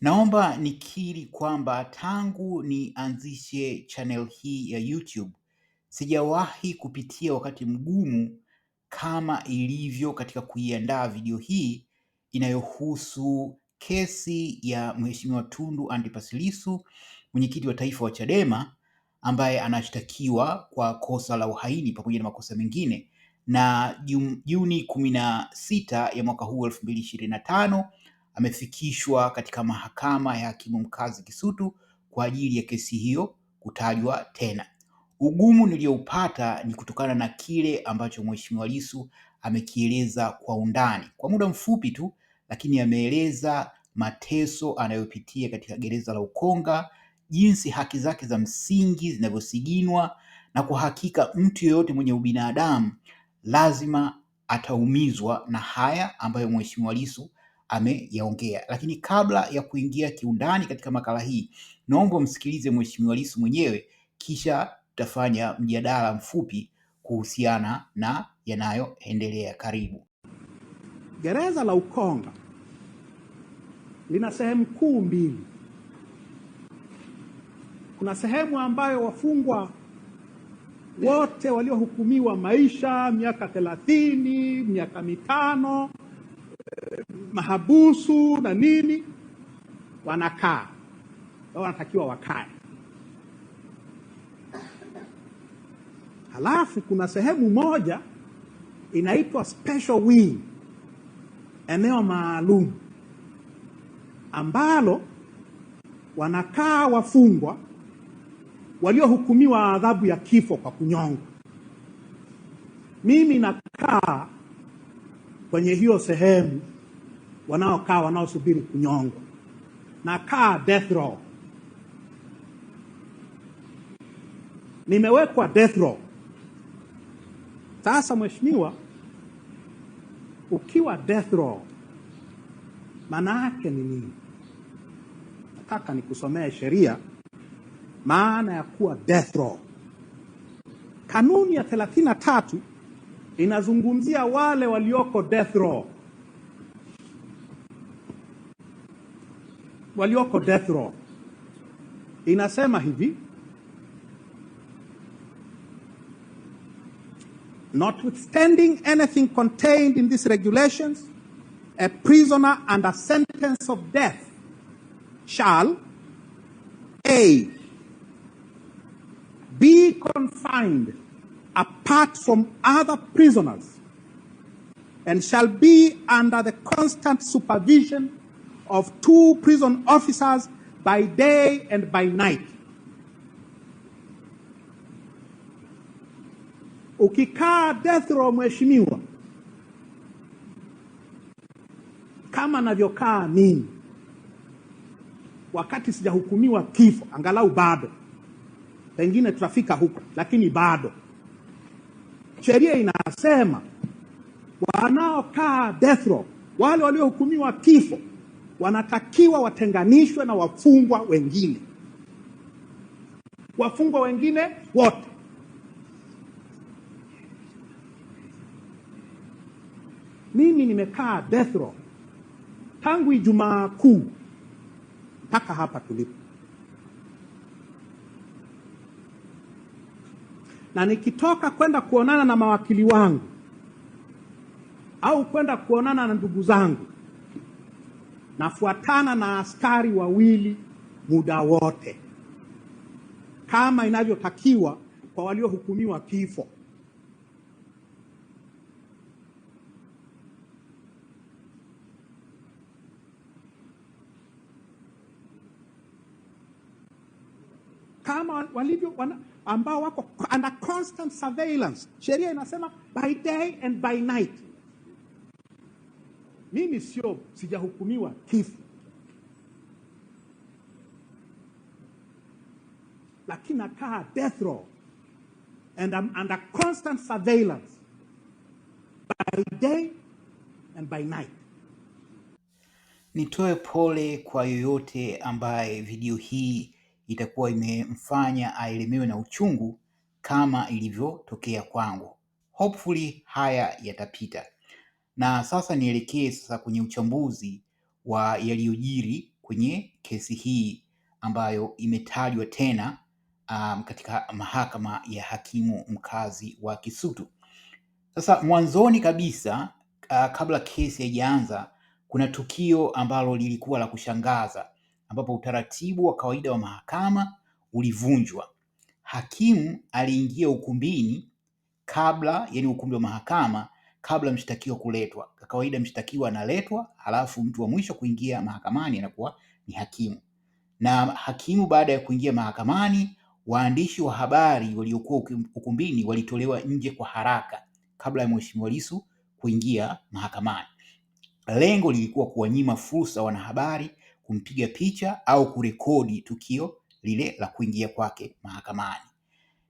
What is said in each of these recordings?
Naomba nikiri kwamba tangu nianzishe channel hii ya YouTube sijawahi kupitia wakati mgumu kama ilivyo katika kuiandaa video hii inayohusu kesi ya Mheshimiwa Tundu Antipas Lissu, mwenyekiti wa taifa wa Chadema ambaye anashtakiwa kwa kosa la uhaini pamoja na makosa mengine na Juni kumi na sita ya mwaka huu elfu mbili ishirini na tano amefikishwa katika mahakama ya hakimu mkazi Kisutu kwa ajili ya kesi hiyo kutajwa tena. Ugumu niliyoupata ni kutokana na kile ambacho Mheshimiwa Lissu amekieleza kwa undani kwa muda mfupi tu, lakini ameeleza mateso anayopitia katika gereza la Ukonga, jinsi haki zake za msingi zinavyosiginwa, na kwa hakika mtu yeyote mwenye ubinadamu lazima ataumizwa na haya ambayo Mheshimiwa Lissu ameyaongea. Lakini kabla ya kuingia kiundani katika makala hii, naomba msikilize Mheshimiwa Lissu mwenyewe, kisha tutafanya mjadala mfupi kuhusiana na yanayoendelea. Karibu. Gereza la Ukonga lina sehemu kuu mbili. Kuna sehemu ambayo wafungwa wote waliohukumiwa maisha, miaka thelathini, miaka mitano, mahabusu na nini wanakaa wao, wanatakiwa wakae. Halafu kuna sehemu moja inaitwa special wing, eneo maalum ambalo wanakaa wafungwa waliohukumiwa adhabu ya kifo kwa kunyongwa. Mimi nakaa kwenye hiyo sehemu wanaokaa wanaosubiri kunyongwa na kaa death row. Nimewekwa death row. Sasa mheshimiwa, ukiwa death row maana yake ni nini? Nataka nikusomee sheria, maana ya kuwa death row. Kanuni ya thelathini tatu inazungumzia wale walioko death row. walioko death row inasema hivi notwithstanding anything contained in these regulations a prisoner under sentence of death shall a be confined apart from other prisoners and shall be under the constant supervision of two prison officers by day and by night. Ukikaa death row, mheshimiwa, kama navyokaa mimi, wakati sijahukumiwa kifo, angalau bado pengine tutafika huko, lakini bado sheria inasema wanaokaa death row, wale waliohukumiwa kifo wanatakiwa watenganishwe na wafungwa wengine, wafungwa wengine wote. Mimi nimekaa death row tangu Ijumaa Kuu mpaka hapa tulipo, na nikitoka kwenda kuonana na mawakili wangu au kwenda kuonana na ndugu zangu nafuatana na askari wawili muda wote, kama inavyotakiwa kwa waliohukumiwa kifo. kama walivyo wana, ambao wako under constant surveillance. Sheria inasema by day and by night. Mimi sio sijahukumiwa kifo, lakini nakaa death row and I'm under constant surveillance by day and by night. Nitoe pole kwa yoyote ambaye video hii itakuwa imemfanya aelemewe na uchungu kama ilivyotokea kwangu. Hopefully haya yatapita. Na sasa nielekee sasa kwenye uchambuzi wa yaliyojiri kwenye kesi hii ambayo imetajwa tena um, katika mahakama ya hakimu mkazi wa Kisutu. Sasa mwanzoni kabisa uh, kabla kesi haijaanza kuna tukio ambalo lilikuwa la kushangaza ambapo utaratibu wa kawaida wa mahakama ulivunjwa. Hakimu aliingia ukumbini kabla, yani ukumbi wa mahakama kabla mshtakiwa kuletwa. Kwa kawaida mshtakiwa analetwa, halafu mtu wa mwisho kuingia mahakamani anakuwa ni hakimu. Na hakimu baada ya kuingia mahakamani, waandishi wa habari waliokuwa ukumbini walitolewa nje kwa haraka kabla ya Mheshimiwa Lissu kuingia mahakamani. Lengo lilikuwa kuwanyima fursa wanahabari kumpiga picha au kurekodi tukio lile la kuingia kwake mahakamani.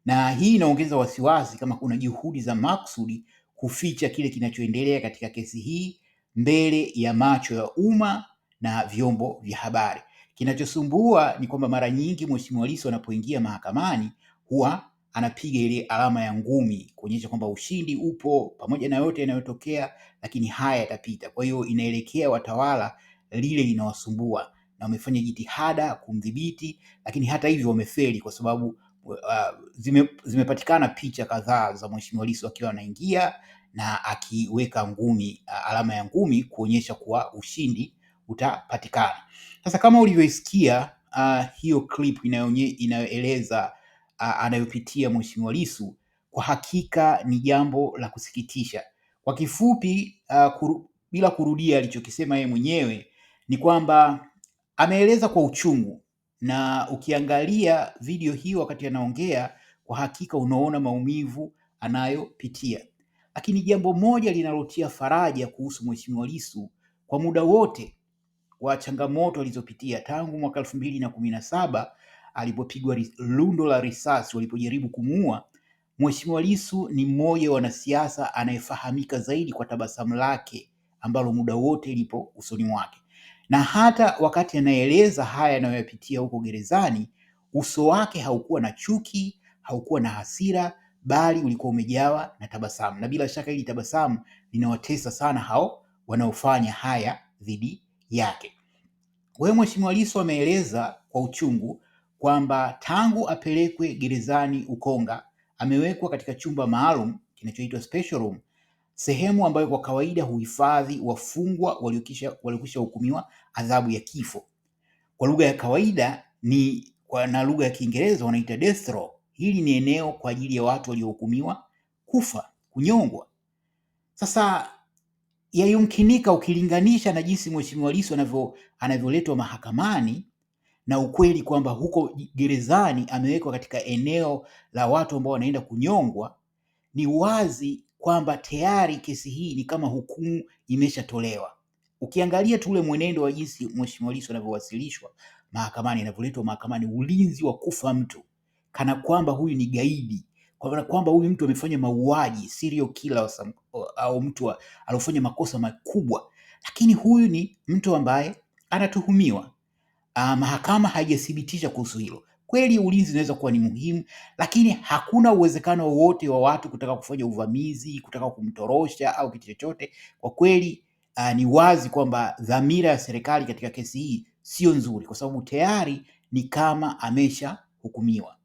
Na hii inaongeza wasiwasi kama kuna juhudi za makusudi kuficha kile kinachoendelea katika kesi hii mbele ya macho ya umma na vyombo vya habari. Kinachosumbua ni kwamba mara nyingi Mheshimiwa Lissu anapoingia mahakamani huwa anapiga ile alama ya ngumi kuonyesha kwamba ushindi upo pamoja na yote yanayotokea, lakini haya yatapita. Kwa hiyo inaelekea watawala lile linawasumbua na wamefanya jitihada kumdhibiti, lakini hata hivyo wamefeli kwa sababu uh, zime, zimepatikana picha kadhaa za Mheshimiwa Lissu akiwa anaingia na akiweka ngumi uh, alama ya ngumi kuonyesha kuwa ushindi utapatikana. Sasa kama ulivyoisikia uh, hiyo clip inayoeleza uh, anayopitia Mheshimiwa Lissu, kwa hakika ni jambo la kusikitisha. Kwa kifupi uh, kuru, bila kurudia alichokisema yeye mwenyewe ni kwamba ameeleza kwa uchungu na ukiangalia video hii wakati anaongea, kwa hakika unaona maumivu anayopitia. Lakini jambo moja linalotia faraja kuhusu Mheshimiwa Lissu kwa muda wote wa changamoto alizopitia tangu mwaka elfu mbili na kumi na saba alipopigwa lundo la risasi walipojaribu kumuua, Mheshimiwa Lissu ni mmoja wa wanasiasa anayefahamika zaidi kwa tabasamu lake ambalo muda wote lipo usoni mwake na hata wakati anaeleza haya yanayoyapitia huko gerezani, uso wake haukuwa na chuki, haukuwa na hasira, bali ulikuwa umejawa na tabasamu. Na bila shaka hili tabasamu linawatesa sana hao wanaofanya haya dhidi yake. Kwa hiyo Mheshimiwa Lissu ameeleza kwa uchungu kwamba tangu apelekwe gerezani Ukonga amewekwa katika chumba maalum kinachoitwa special room sehemu ambayo kwa kawaida huhifadhi wafungwa waliokisha hukumiwa adhabu ya kifo. Kwa lugha ya kawaida ni kwa na lugha ya Kiingereza wanaita death row. Hili ni eneo kwa ajili ya watu waliohukumiwa kufa, kunyongwa. Sasa yayumkinika ukilinganisha na jinsi Mheshimiwa Lissu anavyo anavyoletwa mahakamani na ukweli kwamba huko gerezani amewekwa katika eneo la watu ambao wanaenda kunyongwa, ni wazi kwamba tayari kesi hii ni kama hukumu imeshatolewa. Ukiangalia tu ule mwenendo wa jinsi Mheshimiwa Lissu anavyowasilishwa mahakamani, anavyoletwa mahakamani, ulinzi wa kufa mtu kana kwamba huyu ni gaidi, kana kwamba huyu mtu amefanya mauaji, serial killer au mtu aliofanya makosa makubwa, lakini huyu ni mtu ambaye anatuhumiwa. Ah, mahakama haijathibitisha kuhusu hilo, Kweli ulinzi unaweza kuwa ni muhimu, lakini hakuna uwezekano wowote wa watu kutaka kufanya uvamizi, kutaka kumtorosha au kitu chochote. Kwa kweli uh, ni wazi kwamba dhamira ya serikali katika kesi hii sio nzuri, kwa sababu tayari ni kama hukumiwa.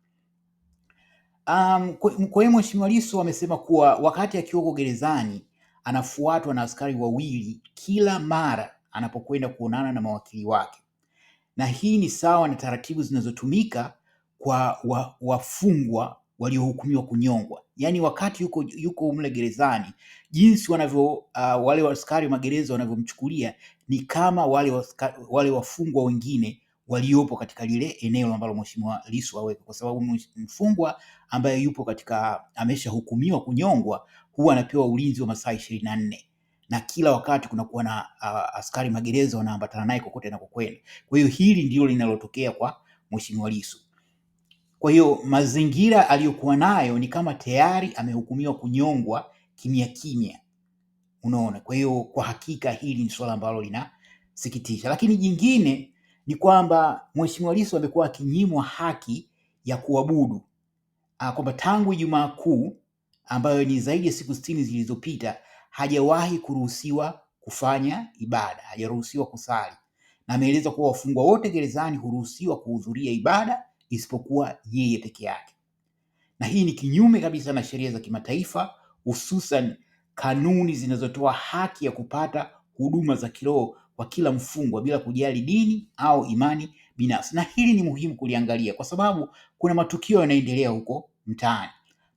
Um, kwa hiyo Mheshimiwa Lissu amesema kuwa wakati akiwako gerezani anafuatwa na askari wawili kila mara anapokwenda kuonana na mawakili wake na hii ni sawa na taratibu zinazotumika kwa wa, wafungwa waliohukumiwa kunyongwa. Yaani wakati yuko, yuko mle gerezani, jinsi wanavyo uh, wale askari wa magereza wanavyomchukulia ni kama wale, waskari, wale wafungwa wengine waliopo katika lile eneo ambalo Mheshimiwa Lissu aweka, kwa sababu mfungwa ambaye yupo katika ameshahukumiwa kunyongwa huwa anapewa ulinzi wa masaa ishirini na nne na kila wakati kunakuwa na uh, askari magereza wanaambatana naye kokote anakokwenda. Kwa hiyo hili ndilo linalotokea kwa Mheshimiwa Lissu. Kwa hiyo mazingira aliyokuwa nayo ni kama tayari amehukumiwa kunyongwa kimya kimya, unaona. Kwa hiyo kwa hakika hili ni suala ambalo linasikitisha, lakini jingine ni kwamba Mheshimiwa Lissu amekuwa akinyimwa haki ya kuabudu, kwamba tangu Ijumaa Kuu ambayo ni zaidi ya siku sitini zilizopita hajawahi kuruhusiwa kufanya ibada, hajaruhusiwa kusali, na ameeleza kuwa wafungwa wote gerezani huruhusiwa kuhudhuria ibada isipokuwa yeye peke yake, na hii ni kinyume kabisa na sheria za kimataifa, hususan kanuni zinazotoa haki ya kupata huduma za kiroho kwa kila mfungwa bila kujali dini au imani binafsi. Na hili ni muhimu kuliangalia kwa sababu kuna matukio yanaendelea huko mtaani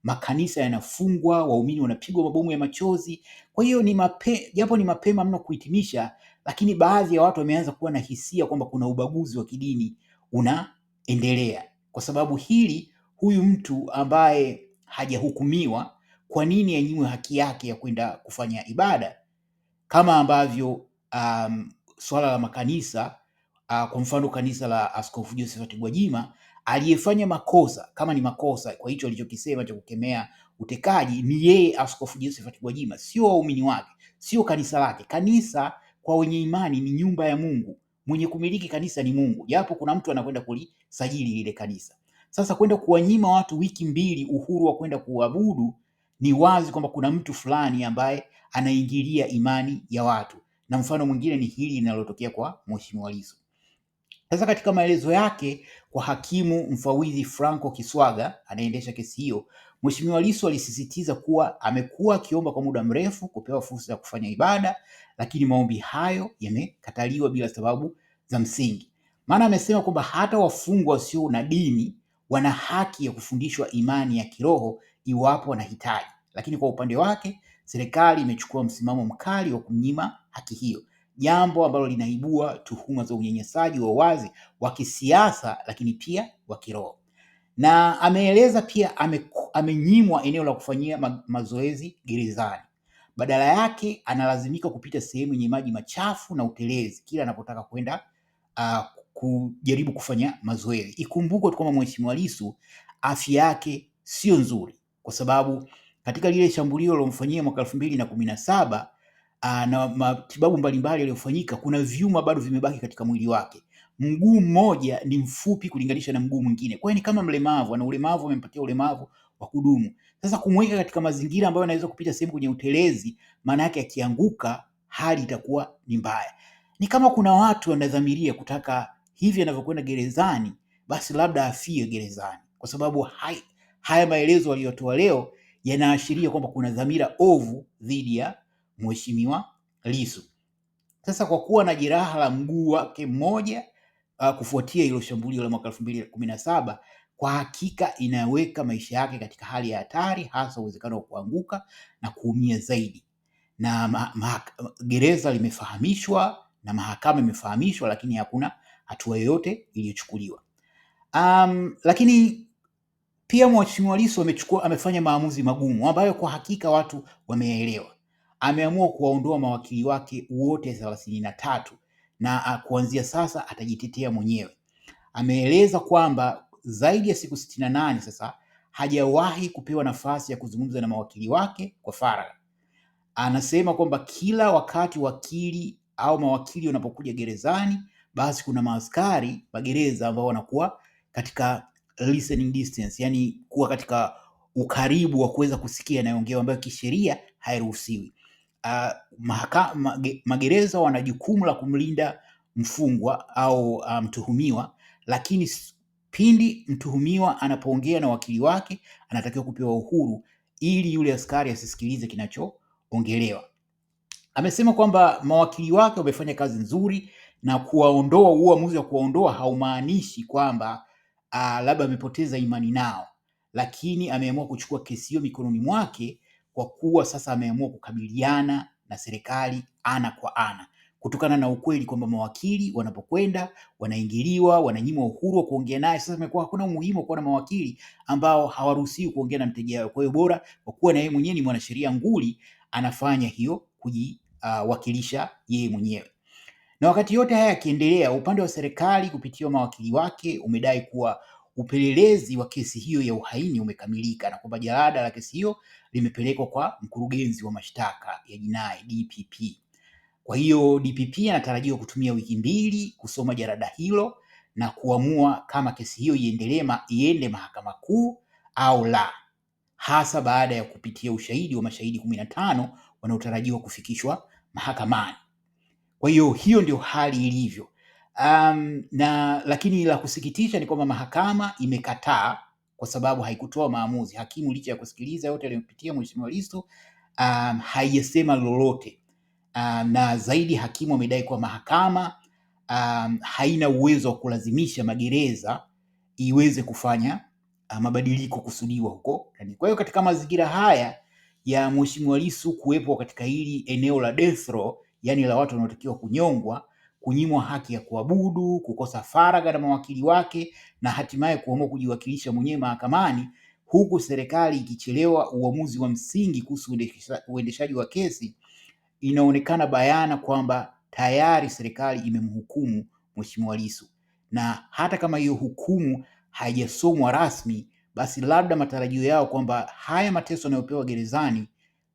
makanisa yanafungwa, waumini wanapigwa mabomu ya machozi. Kwa hiyo ni mape, japo ni mapema mno kuhitimisha, lakini baadhi ya watu wameanza kuwa na hisia kwamba kuna ubaguzi wa kidini unaendelea, kwa sababu hili, huyu mtu ambaye hajahukumiwa kwa nini anyimwe haki yake ya kwenda kufanya ibada, kama ambavyo um, swala la makanisa uh, kwa mfano kanisa la Askofu Josephat Gwajima aliyefanya makosa kama ni makosa kwa hicho alichokisema cha kukemea utekaji ni yeye Askofu Josephat Gwajima, sio waumini wake, sio kanisa lake. Kanisa kwa wenye imani ni nyumba ya Mungu, mwenye kumiliki kanisa ni Mungu, japo kuna mtu anakwenda kulisajili lile kanisa. Sasa kwenda kuwanyima watu wiki mbili uhuru wa kwenda kuabudu, ni wazi kwamba kuna mtu fulani ambaye anaingilia imani ya watu, na mfano mwingine ni hili linalotokea kwa Mheshimiwa Lissu. Sasa katika maelezo yake kwa hakimu mfawidhi Franco Kiswaga anayeendesha kesi hiyo, Mheshimiwa Lissu alisisitiza kuwa amekuwa akiomba kwa muda mrefu kupewa fursa ya kufanya ibada, lakini maombi hayo yamekataliwa bila sababu za msingi. Maana amesema kwamba hata wafungwa wasio na dini wana haki ya kufundishwa imani ya kiroho iwapo wanahitaji, lakini kwa upande wake serikali imechukua msimamo mkali wa kunyima haki hiyo jambo ambalo linaibua tuhuma za unyanyasaji wa wazi wa kisiasa, lakini pia wa kiroho. Na ameeleza pia ame, amenyimwa eneo la kufanyia ma, mazoezi gerezani. Badala yake analazimika kupita sehemu yenye maji machafu na utelezi kila anapotaka kwenda uh, kujaribu kufanya mazoezi. Ikumbukwe kwamba Mheshimiwa Lissu afya yake sio nzuri, kwa sababu katika lile shambulio lilomfanyia mwaka elfu mbili na kumi na saba aa, ah, na matibabu mbalimbali yaliyofanyika, kuna vyuma bado vimebaki katika mwili wake. Mguu mmoja ni mfupi kulinganisha na mguu mwingine, kwa hiyo ni kama mlemavu, ana ulemavu, amempatia ulemavu wa kudumu. Sasa kumweka katika mazingira ambayo anaweza kupita sehemu kwenye utelezi, maana yake akianguka hali itakuwa ni mbaya. Ni kama kuna watu wanadhamiria kutaka hivi anavyokwenda gerezani, basi labda afie gerezani, kwa sababu hai, haya maelezo aliyotoa leo yanaashiria kwamba kuna dhamira ovu dhidi ya Mheshimiwa Lissu. Sasa kwa kuwa na jeraha la mguu wake mmoja uh, kufuatia hilo shambulio la mwaka elfu mbili kumi na saba kwa hakika inaweka maisha yake katika hali ya hatari, hasa uwezekano wa kuanguka na kuumia zaidi. Na ma ma gereza limefahamishwa na mahakama imefahamishwa, lakini hakuna hatua yoyote iliyochukuliwa. Um, lakini pia Mheshimiwa Lissu amechukua amefanya maamuzi magumu ambayo kwa hakika watu wameelewa ameamua kuwaondoa mawakili wake wote thelathini na tatu na kuanzia sasa atajitetea mwenyewe. Ameeleza kwamba zaidi ya siku sitini na nane sasa hajawahi kupewa nafasi ya kuzungumza na mawakili wake kwa faragha. Anasema kwamba kila wakati wakili au mawakili wanapokuja gerezani, basi kuna maaskari magereza ambao wanakuwa katika listening distance, yani kuwa katika ukaribu wa kuweza kusikia yanayoongewa, ambayo kisheria hairuhusiwi uh, magereza wana jukumu la kumlinda mfungwa au ah, mtuhumiwa lakini pindi mtuhumiwa anapoongea na wakili wake anatakiwa kupewa uhuru ili yule askari asisikilize kinachoongelewa. Amesema kwamba mawakili wake wamefanya kazi nzuri na kuwaondoa, uamuzi wa kuwaondoa haumaanishi kwamba uh, labda amepoteza imani nao, lakini ameamua kuchukua kesi hiyo mikononi mwake kwa kuwa sasa ameamua kukabiliana na serikali ana kwa ana, kutokana na ukweli kwamba mawakili wanapokwenda wanaingiliwa, wananyimwa uhuru wa kuongea naye. Sasa imekuwa hakuna umuhimu wa kuwa na mawakili ambao hawaruhusiwi kuongea na mteja wao. Kwa hiyo bora kwa kuwa na yeye mwenyewe ni mwanasheria nguli, anafanya hiyo kujiwakilisha ah, uh, yeye mwenyewe. Na wakati yote haya yakiendelea, upande wa serikali kupitia mawakili wake umedai kuwa upelelezi wa kesi hiyo ya uhaini umekamilika na kwamba jalada la kesi hiyo limepelekwa kwa mkurugenzi wa mashtaka ya jinai DPP. Kwa hiyo DPP anatarajiwa kutumia wiki mbili kusoma jalada hilo na kuamua kama kesi hiyo iendelee iende mahakama kuu au la, hasa baada ya kupitia ushahidi wa mashahidi kumi na tano wanaotarajiwa kufikishwa mahakamani. Kwa hiyo hiyo ndio hali ilivyo um, na lakini la kusikitisha ni kwamba mahakama imekataa kwa sababu haikutoa maamuzi. Hakimu licha ya kusikiliza yote aliyopitia Mheshimiwa Lissu um, haijasema lolote um, na zaidi hakimu amedai kuwa mahakama um, haina uwezo wa kulazimisha magereza iweze kufanya uh, mabadiliko kusudiwa huko. Kwa hiyo katika mazingira haya ya Mheshimiwa Lissu kuwepo katika hili eneo la death row, yani la watu wanaotakiwa kunyongwa kunyimwa haki ya kuabudu, kukosa faragha na mawakili wake na hatimaye kuamua kujiwakilisha mwenyewe mahakamani, huku serikali ikichelewa uamuzi wa msingi kuhusu uendeshaji wa kesi, inaonekana bayana kwamba tayari serikali imemhukumu Mheshimiwa Lissu, na hata kama hiyo hukumu haijasomwa rasmi, basi labda matarajio yao kwamba haya mateso yanayopewa gerezani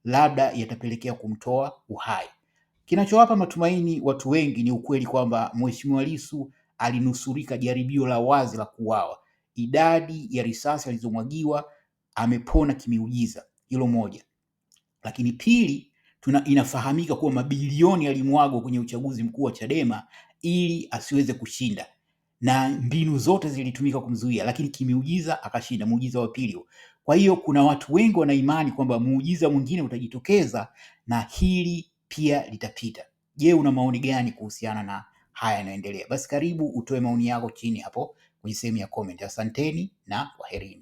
labda yatapelekea kumtoa uhai. Kinachowapa matumaini watu wengi ni ukweli kwamba Mheshimiwa Lissu alinusurika jaribio la wazi la kuuawa. Idadi ya risasi alizomwagiwa, amepona kimiujiza. Hilo moja, lakini pili, tuna inafahamika kuwa mabilioni yalimwagwa kwenye uchaguzi mkuu wa Chadema ili asiweze kushinda na mbinu zote zilitumika kumzuia, lakini kimiujiza akashinda, muujiza wa pili. Kwa hiyo kuna watu wengi wana imani kwamba muujiza mwingine utajitokeza na hili pia litapita. Je, una maoni gani kuhusiana na haya yanayoendelea Basi karibu utoe maoni yako chini hapo kwenye sehemu ya comment. Asanteni na kwaherini.